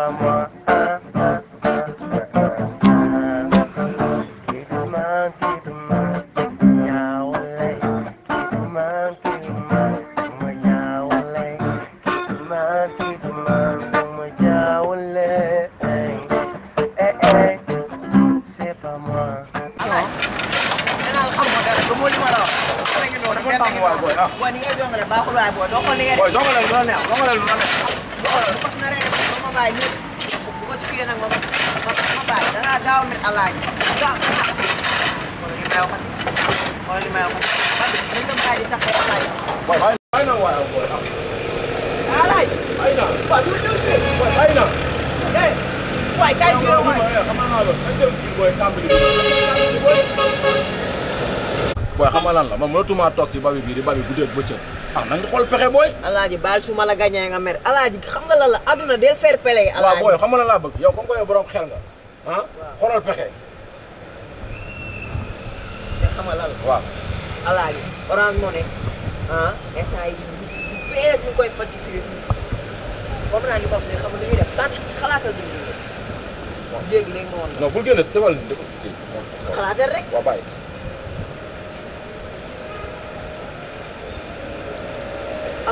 pas moi. waaw waaw waaw ni ngay jongale baaxul waaye boo doo ko neex. booy jongale lu la neex jongale lu la neex. ini bukan sekian yang mabay dan ada umit alay enggak kalau lima ako kalau lima ako sabi nandun tayo dito kay alay ay na wala ko alay ay na pa do do do ay na okay why can't you know why come on over i don't see where come to booy xam nga lan la man mënatumaa toog ci babi bii di babi guddeeg bëccëg ah nañ xool pexe booy alaaji baal su la gañee nga mer alaaji xam nga lan la adduna dee fair play alaaji waaw booy xam nga laa bëgg yow ah, xam nga lan la waaw alaaji orange money ah instant yi bu bees ñu koy falsifié comme naa li ma xalaatal rek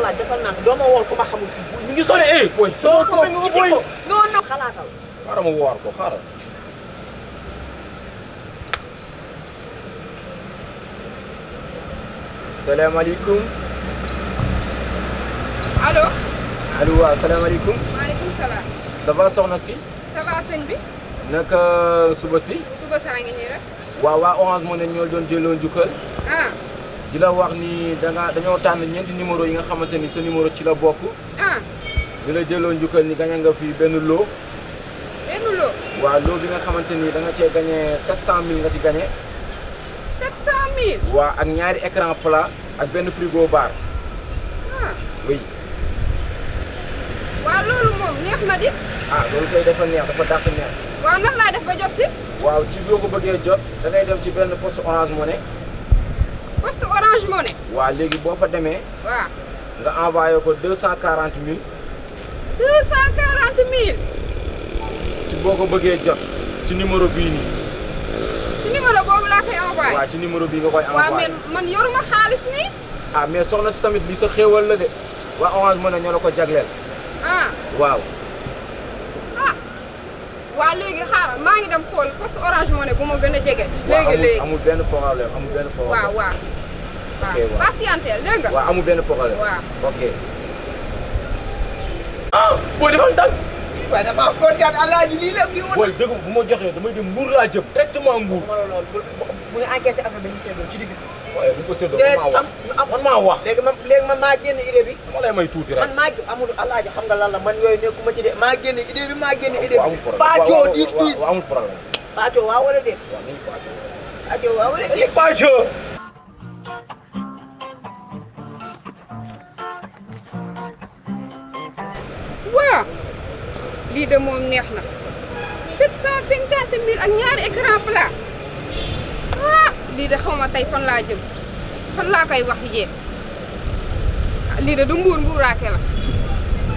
xalaat defal naa doo ma woor ku ma xamul ko ñu ngi eh, ko non non. xalaatal. xaaral ma woor ko xaaral. salaamaaleykum. allo. allo waaw salaamaaleykum. maaleykum salaam. ça va soxna si. ça va sëñ bi. naka suba si. suba saa ngi nii rek. waaw waa Orange moo di la wax ni da dañoo tànn ñeenti numéro yi nga xamante ni sa numéro ci la bokk. Ah. di la jëloo njukkal ni gañe nga fii benn loo. benn loo. waaw loo bi nga xamante ni da nga cee gañe 700000 nga ci gañe. 700000. waaw ak ñaari écran plat ak benn frigo bar. Ah. oui. waaw loolu moom neex na di. ah loolu koy dafa neex dafa dàq neex. waaw nan laa def ba jot si. waaw ci boo ko bëggee jot da ngay dem ci benn poste orange money. cash money. waaw léegi boo fa demee. waaw nga envoyé ko deux cent quarante mille. deux ci boo bëggee jot ci numéro bii nii. ci numéro boobu laa koy envoyé. waaw ci numéro bii nga koy envoyé. waaw man yoruma xaalis nii. ah mais soxna si tamit li sa xéewal la de waa Orange Money ñoo la ko jagleel. ah waaw. Ah. waaw léegi xaaral maa ngi dem xool poste Orange Money bu ma gën a jege. léegi léegi amul benn problème amul benn problème waaw waaw. Ah. ok waaw patienteel dégg benn problème. waaw ok. ah booy defal ndànk. waaw damaa kontaan alaaji lii la lii woon. booy dëgg bu ma joxee damay dem mbuur laa jëm directement mbuur. bu nga encaissé affaire bi ñu seetloo ci digg. waaye bu ñu ko seetloo man maa wax. léegi man léegi man maa génn idée ma lay may tuuti rek man maa amul alaaji xam nga lan la man yooyu ma ci de maa génn idée bi maa génn idée bi. amul problème waaw amul problème. Paaco waaw wala déet. waaw de moom neex na 750 mille ak ñaari écran plat ah lii de xaw ma tey fan laa jëm fan laa koy wax jee ah, lii de du mbuur mbuuraake la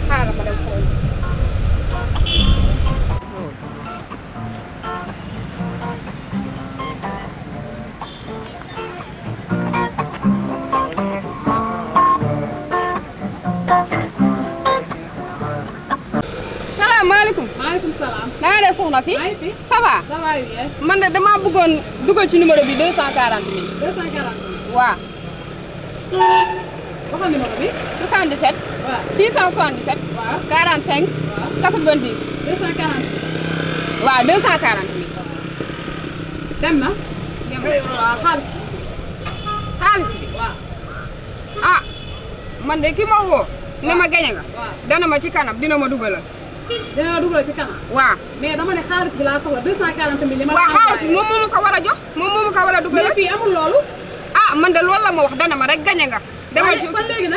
xaaral soxna si. ça va. ça va bien. Eh. man de damaa bëggoon dugal ci numéro bi 240 000. 240 000 waaw. waxal numéro bi. 77. waaw 677. waaw 45. waaw 90. 240. waaw 240 000. dem na. dem na xaalis. xaalis bi waaw. ah man de ki ma woo. ne ma gañe nga. dana ma ci kanam dina ma dugalal. dina la dugal mais dama ne xaalis bi laa soxla 240 xaalis bi moom moomu ko war a jox moom moomu ko war a dugal. mais fii amul loolu. ah man de loolu la ma wax dana ma rek gañe nga. dama ci kon léegi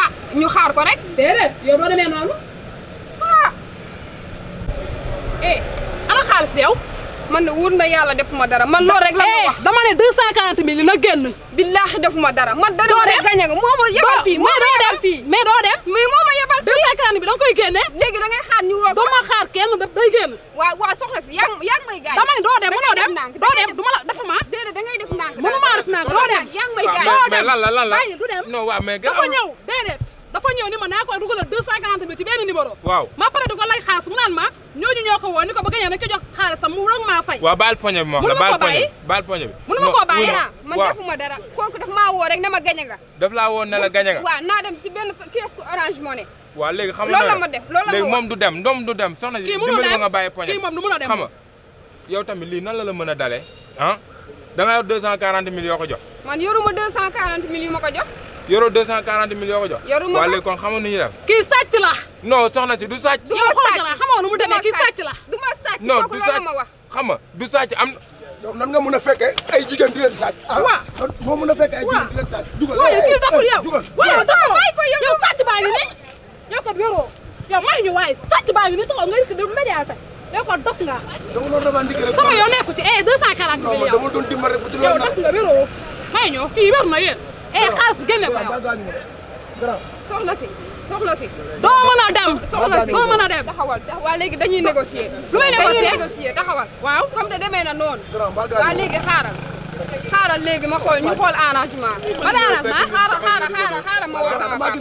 ah ñu xaar ko rek. déedéet yow doo demee noonu. ah eh ana xaalis bi man ne wóor na yàlla defuma dara man loolu rek la ma eh, wax dama ne deux cent quarante mille na génn billaahi defuma dara man dara ma gañe nga moo ma yebal fii moo ma yebal fii mais doo dem mais moo ma yebal fii deux cent quarante mille da nga koy génne léegi da ngay xaar ñu woo doo ma xaar kenn daf day génn waaw waaw soxna si yaa yaa ngi may gaañ dama ne doo dem mënoo dem doo dem du ma la dafa ma déedéet da ngay def ndànk mënu maa def ndànk doo dem yaa ngi may gaañ doo dem lan la lan la du dem non waaw mais dafa ñëw déedéet dafa ñëw ni ma naa ko dugalal deux cent quarante mille ci benn numéro waaw ma pare di ko laaj xaalis mu naan ma ñooñu ñoo ko woo ko ba gañee dañ ko jox xaalisam mu roog a fay waaw baal poñe bi ma la baal poñe baal poñe bi mënu ma koo bàyyi ah man defuma dara kooku daf maa woo rek ne ma gañe daf laa woo ne la gañe nga naa dem si benn kiosque orange money waaw léegi xam loolu la ma def loolu la ma léegi moom du dem ndoom du dem soxna si dimbali ma nga bàyyi poñe kii moom du lii nan la la mën a dalee ah da nga yor deux cent quarante mille yoo ko yoroo 240 mille yoo ko jox. yoruma ko waaye kon xamoon nu ñuy def. kii sàcc la. non soxna si du sàcc. du ma sàcc la xamoon nu mu demee kii sàcc la. du ma sàcc kooku loolu ma wax xam nga du sàcc am. yow nan nga mën a fekkee ay jigéen di leen sàcc. Ah, waaw a fekkee ay jigéen di leen sàcc. jugal waaye kii daful yow. jugal waaye daful waaye ko yow sàcc baa ngi ne. yow ko yoroo yow may ñu waaye sàcc baa ngi ne taxaw nga yëkkati mu médiateur. yow ko dof nga. dama doon revendiquer rek. sama yow nekku eh, may ñu kii yor na yéen eh xaalis génne ko yow soxna si soxna si doo mën a dem soxna si doo mën a dem taxawal waa léegi dañuy négocier lu may négocier taxawal waaw comme te demee na waa léegi xaaral xaaral léegi ma xool ñu xool arrangement ma arrangement xaaral xaaral xaaral xaaral ma woo sama papa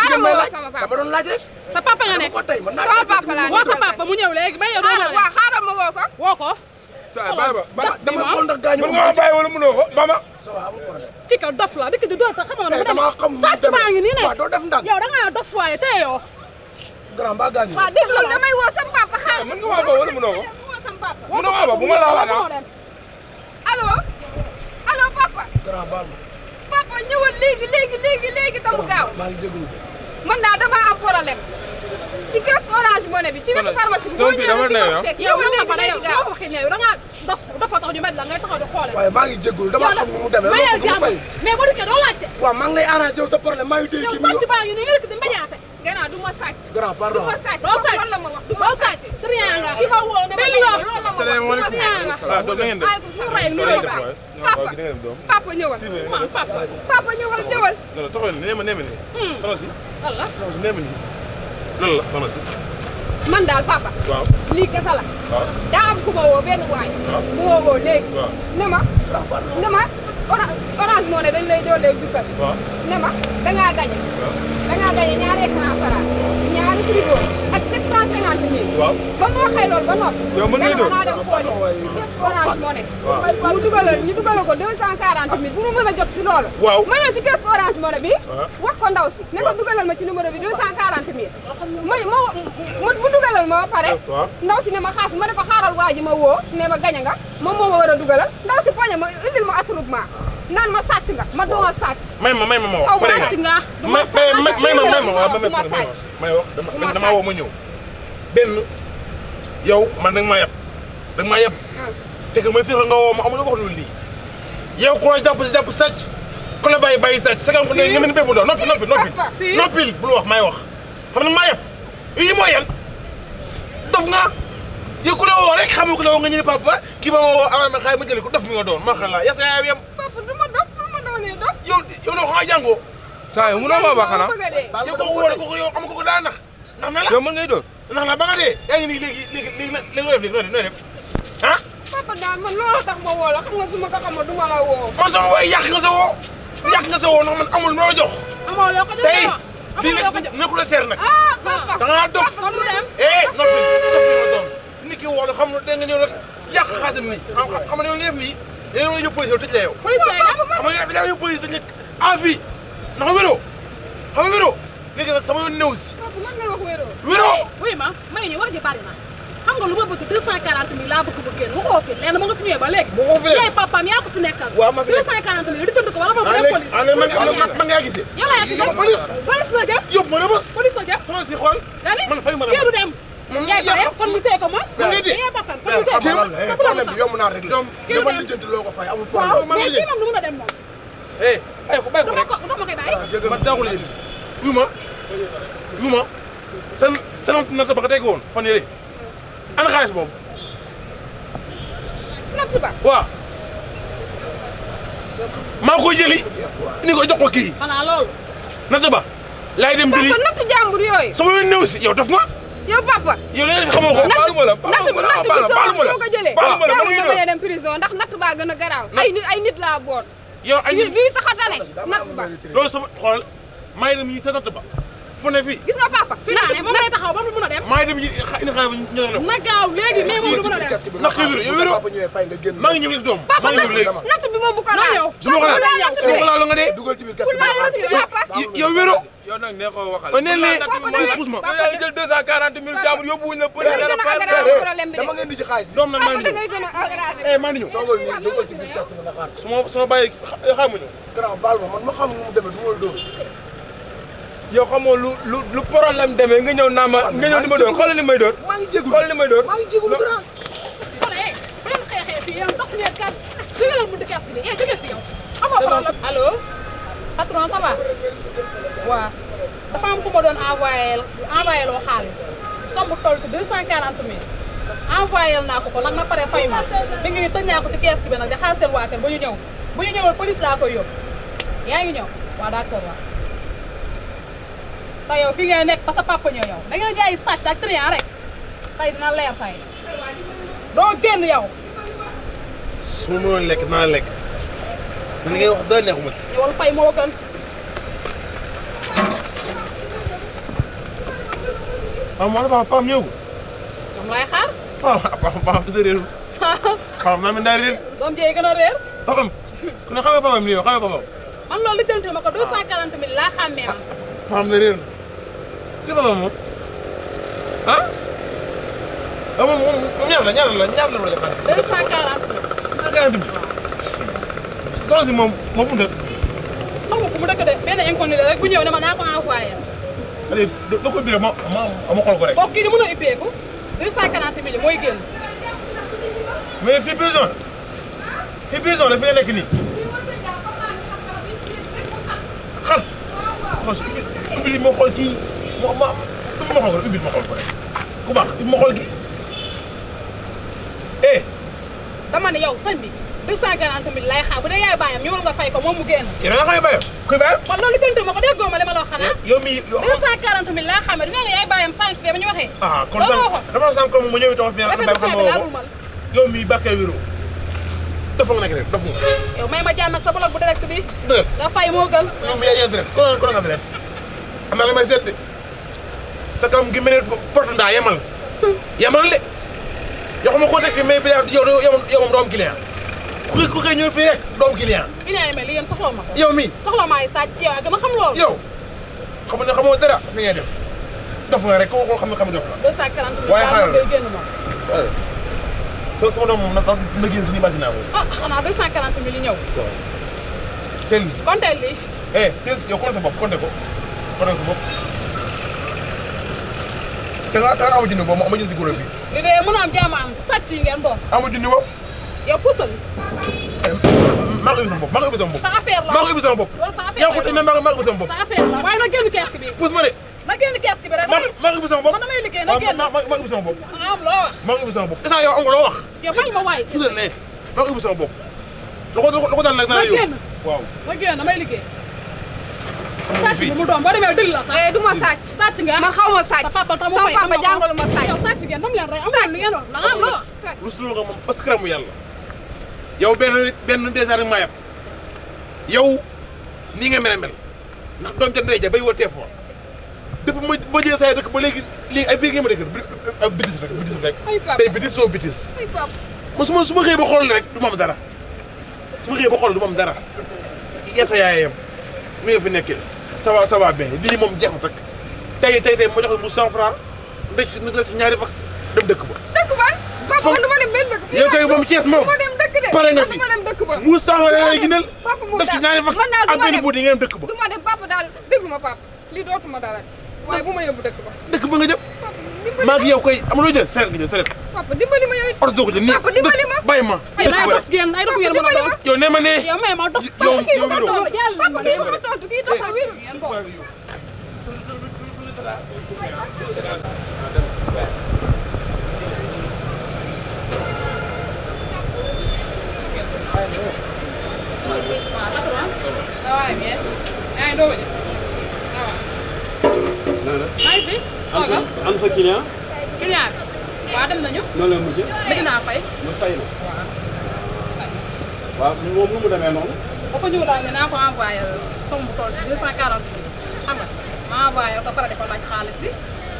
xaaral ma woo sama papa doon laaj rek sa papa sama papa laa woo sa papa mu ñëw léegi ba yow xaaral ma woo ko woo ko saa bàyyi ba ba dama xool ndax gaañu mën ma bàyyi wala mënoo ko ba ma kii kaw dof la dëkk di door ta xamoon na dama eh, xam sàcc baa ngi nii ne doo def ndànk yow da ngaa dof waaye te yow damay woo sam papa eh, nga waa ba wala mënoo ko mënoo waa ba bu ma laalaan ah. allo allo papa grand baal ma papa dama am problème ci casque orange money bi ci wetu pharmacie bi. boo ñëwee da nga fekk yow da nga dof dafa tax ñu met la ngay taxaw di xoole. waaye maa ngi jégalu dama xam nu mu demee loolu du fay. mais boo dikkee doo laajte. waaw maa ngi lay arrangé yow sa problème maa ngi dégg. yow sàcc baa ngi nii nga dëkk di mbañaate. gannaaw du ma sàcc. grand pardon du ma sàcc. doo sàcc wala ma wax du ma sàcc. triangle ki ma woo ne ma lay wax loolu la ma wax. salaamaaleykum waaw ah, doom na ngeen def. papa papa ñëwal. papa ñëwal ñëwal. non non taxawal ne ma neema nii. Hmm. xoolal si. walla. neema nii. lan la man daal papa. lii kese la. daa am ku ma woo benn waay. waaw woo léegi. ne ma. ne ma orange moo ne dañ lay doolee jukkal. waaw ne ma da ngaa gañe. da ngaa gañe ñaari écran pare ñaari frigo. orange bi waaw waxee loolu ba noppi. yow mën nañu doon naa dem xooli def orange moo ne. waaw mu dugalal ñu dugalal ko deux cent quarante bu mu mën a jot si loolu. ma ñëw si kees orange bi uh-huh. wax ko ndaw si ne ko dugalal ma ci numéro bi deux cent quarante mille. ma ma ma pare. Uh-huh. ndaw si ne ma xaas ma ne ko xaaral waa ma woo ma gañ nga ma war a dugalal ndaw si ma indil ma attroupement. naan ma sàcc nga ma doon sàcc. may ma may ma ma ma may ma may ma ma benn yow man da nga maa yab da nga maa yab hmm. te que mooy fii nga woo ma amul wax lu lii yow ku la jàpp si jàpp ku la bàyyi bàyyi sàcc sagam ko ne nga mën béy bu ndaw noppi noppi noppi noppi bul wax may wax xam na maa yab yii mooy yan dof nga yow ku la woo rek xam ku la woo nga ñu ne papa kii woo amaa ma xaay ma jëli ko dof mi nga doon ma xam laa yasa yaayam yam papa du ma dof du ma doonee dof ba xanaa yow ko ko yow am ko ko daa nax nax na la yow mën ngay doon ndax nag ba nga dee yaa ngi nii léegi léegi léegi nag léegi loo def léegi noo def ah. papa daal man looloo tax ma woo la xam nga su ma ko xamoo du ma la woo. man sama wooy yàq nga sa woo. yàq nga sa woo ndax man amul loo jox. amoo loo ko jox tey lii nekkul a seer nag. ah papa da ngaa dof. kon mu dem eh noppi dof li ma doon. nit ki woo la xam nga da nga ñëw rek yàq xaasam nii. xam nga yow li nga def nii yéen a ngi ñëw police yow tëj la yow. police la yow xam nga yow yaa ngi ñëw police dañ nekk en vie ndax wéroo xam nga wéroo léegi nag sama yoon néew si ku mën eh, ma may ñu wax ji na. xam nga lu ma bëgg 240 mille laa bëgg bu génn waxoo fi lenn fi ñëwee ba léegi. waxoo fi yaay papaam yaa ko fi nekkal. waaw ma fi nekk 240 mille di tënd ko wala ma dem police. allez man ngaa gisee. yow laa yaa ci dem police. police la jëm yóbbu ma rëbës. police la jëm police yi xool. dem. yaay bare kon ko moom. mu ngi téye papaam kii moom lu a dem moom. eh aywa eh, ko bàyyi ko rek dama ko dama koy bàyyi. Ah, man daawu leen. oui ma. juma seen seen natt ba ka teg woon fan yële ana xaalis boobu. natt ba waaw. maa koy jëli ni ko jox ko kii. xanaa loolu. natt ba. laay dem jëli papa nattu jàmbur yooyu. sama yoon néew natt bi natt bi soo soo ko jëlee. baalu ma la baalu ma dem prison ndax natt baa gën a garaaw. ay nit ay nit laa boot. yow ay nit bii sax a tane natt ba. loolu sama xool maa ngi dem yi sa natt ba. fu ne fii. gis nga papa fii a dem. maa ngi dem ñu ñu na gaaw léegi mais moom du a dem. ndax xëy na yow papa ñëwee fay nga doom maa ngi ñëw léegi. ma ko laal su ma ko laal nga dee. dugal ci biir gas bi papa yow ma. yow yaa ngi jël deux cent quarante mille jàmbur yóbbu wuñ la. dama ngeen di ci xaalis bi. doom nag eh, maa ngi ñëw maa ngi ñëw. dogal nii dogal ci yow xamoo lu lu lu problème demee nga ñëw naa ma nga ñëw li may dóor xoolal li may dóor. maa ngi jégalu xoolal li may dóor. maa ngi jégalu grand. xoolal eh bu leen xeexee fii yow ndox mi ak jóge leen eh, buntu kër ma doon envoyé envoyé loo xaalis somme bu toll ci naa ko ko nag ma pare fay ma mi ngi tëj naa di xaar seen ba ñu ñëw bu ñu ñëwal yaa ngi ñëw waaw d'accord waaw. te yow fi nga nekk ba sa papa ñoo ñëw da nga jaay sàcc ak trian rek tey dina leer tey doo génn yow. su ma mënoon lekk naa lekk man li ngay wax dara neexuma si. yow fay moo gën. waaw man maa PAM ñëw. moom laay xaar. PAM PAM PAM dina réerul. PAM naa mel ni daa réer. doom jee gën a réer. PAM ku ne xamee PAM am nii yow xamee PAM am. man loolu lijjanti ma ko 240 000 laa xàmmee ma. PAM na réer. li ma moom ah. ah ñaar la ñaar la ñaar la war a jox xaalis. 240. 240. doon si moom moom mu dëkk. xam fu mu dëkk de benn inconnu la rek bu ma naa ko envoyé. allez doo ko biree ma ma ma xool ko rek. kooku kii di mën a ubbeeku 240 mille mooy génn. mais fii prison fii la fi nga nii. xar xool ubbi ma kii. ma ma ubbi ma xool ko rek ubbi ma xool ko rek ku baax ubbi ma xool gi eh. dama ne yow sëñ bi 240 000 lay xaar bu dee yaay bàyyam ñu mën nga fay ko moom mu génn. yéen a nga xam bàyyam kuy bàyyam. kon loolu gëntu ma ko déggoo ma li ma la wax xanaa. yow mii yow 240 000 lay xaar du ne la yaay bàyyam sànq fee ba ñu waxee. ah kon sànq dama sànq comme mu ñëwee taxaw fi ak bàyyi xam nga woo ko yow mii bàkkee wéroo dafa nga nekk rek dafa nga. yow may ma jàmm ak sa blog bu direct bi. dëgg nga fay moo gën. yow mii yaa ngi direct kon kon nga direct xam naa la may seet de sa kam gi mel ne porte ndaa yemal yemal de yoxuma ko teg fi mais bi yow yow moom doom client ku xëy ku xëy ñëw fii rek doom client client yi mel yéen soxla ma ko yow mii soxla maa yi sàcc yow gën a xam loolu yow xamu ne xamoo dara ni ngay def dof nga rek ko ko xam ne xam dof la waaye xaaral so sama doom moom na na génn suñu bâtiment boobu ah xanaa deux cent quarante mille ñëw teel lii kon teel lii eh teel yow compte sa bopp compte ko compte sa bopp te nga ama junni boobu ama junni si góor bi. li de mën a am jàmm am sàcc yi ngeen doon. ama junni boobu. yow puusal. Eh, maa ko ubbi sama bopp maa ko ubbi sama bopp. sa affaire la maa ko ubbi sama bopp. loolu sa affaire la yow ku tey maa ko ubbi sama bopp. sa affaire la waaye nag génn kees bi. puus ma de. na génn kees bi rek. maa ko ubbi sama bopp man damay liggéey na génn maa ko ubbi sama bopp. maa am loo wax. maa ko ubbi sama bopp instant yow am nga loo wax. yow bañ ma waay. puusal ne maa ko ubbi sama bopp. lu ko lu ko daan nag dana yow. ma génn waaw ma génn damay liggéey fii. boo demee dëgg la sax. Eh, du ma sàcc. sàcc nga man xaw ma sàcc. sa papa ma fay ma sàcc. yow sàcc ngeen nam leen rey que ramu yàlla yow benn benn dèjà rek yab yow nii nga mel mel ndax doom ja ndey ja bay woo teefoo ma ma jëlee saa lii ay fii nga ma dëkk bitis rek bitis rek. bitis soo bitis. ma su ma su ba xool rek du ma am dara su ma xëyee ba xool du ma am dara esa yaayam mi nga fi nekkee ça va ça va bien lii moom jeexu tak tey tey tey ma jox la mu cent franc ndëkk na def si ñaari vax dem dëkk ba. dëkk ba papa man du ma dem benn dëkk. yow kay moom Thiès moom pare nga fi mu cent def si ñaari vax ak benn buut yi nga dëkk ba. du ma ma papa lii dootuma ma yóbbu dëkk ba. dëkk ba nga jëm. maa ngi yow kay amuloo jël sareet nga jël sareet. papa dimbali ma yooyu. oto doo ko jël nii bay ma. ay dof ngeen ay dof ngeen mën a doon yow nee ma nee. yow may ma dof yow yow wiro papa kii du ma tontu kii dof a wiru. maa ngi fi. am sa client. client bi. waaw dem nañu. noonu la mujjee. dëgg naa fay. ñu fay la. waaw ñu moom nu mu demee noonu. ba fa ñëw daal ne naa ko envoyé somme bu toll 240 xam nga ma envoyé ko pare di ko laaj xaalis bi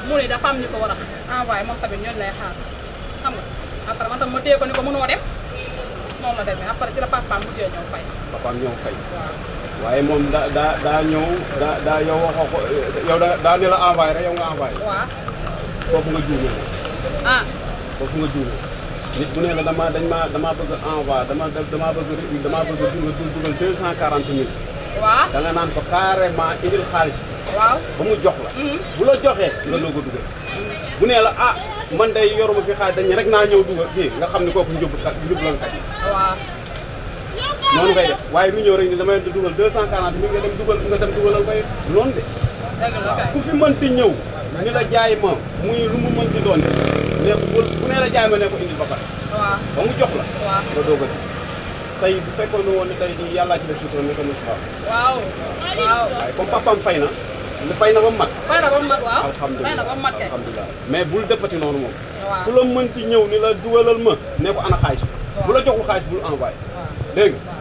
mu ne dafa am ñu ko war a envoyé moom tamit ñooñu lay xaar xam nga après man tam ma téye ko ni ko mënoo dem noonu la demee après ci la papaam mujjee ñëw fay. papaam ñëw fay. waaye moom daa daa daa ñëw daa daa yow waxoo ko yow daa daa ne la envoyé rek yow nga envoyé. waaw foofu nga juumee. Ah. foofu nga juum nit bu ne la dama dañ maa damaa bëgg envoi dama damaa bëgg damaa bëgg nga dugal deux cent quarante mille waaw da nga naan ko carrément indil xaalis waaw ba mu jox la mm-hmm. bu la joxee nga loo ko dugal mm-hmm. bu ne la ah man day yoruma fi xaalis dañ rek naa ñëw dugal fii nga xam ne kooku njubkat njublankat yi waaw noonu ngay def waaye du ñëw rek ni damay dugal deux cent quarante mille nga dem dugal nga dem dugalal koy noonu de ku fi mënti ñëw ni la jaay ma muy lu mu mënti doon ne bu bu nee la jaay ma ne ko indil ba pare. ba mu jox la. nga doog a tey bu fekkoon ne woon ne tey jii yàllaa ci def sutura ne ko mos waaw. waaye comme papaam fay na. li fay na ba mu mat. fay na ba mu mat waaw mais bul defati noonu moom. waaw ku la mënti ñëw ni la dugalal ma. ne ko ana xaalis bu la joxul xaalis bul envoyé. dégg nga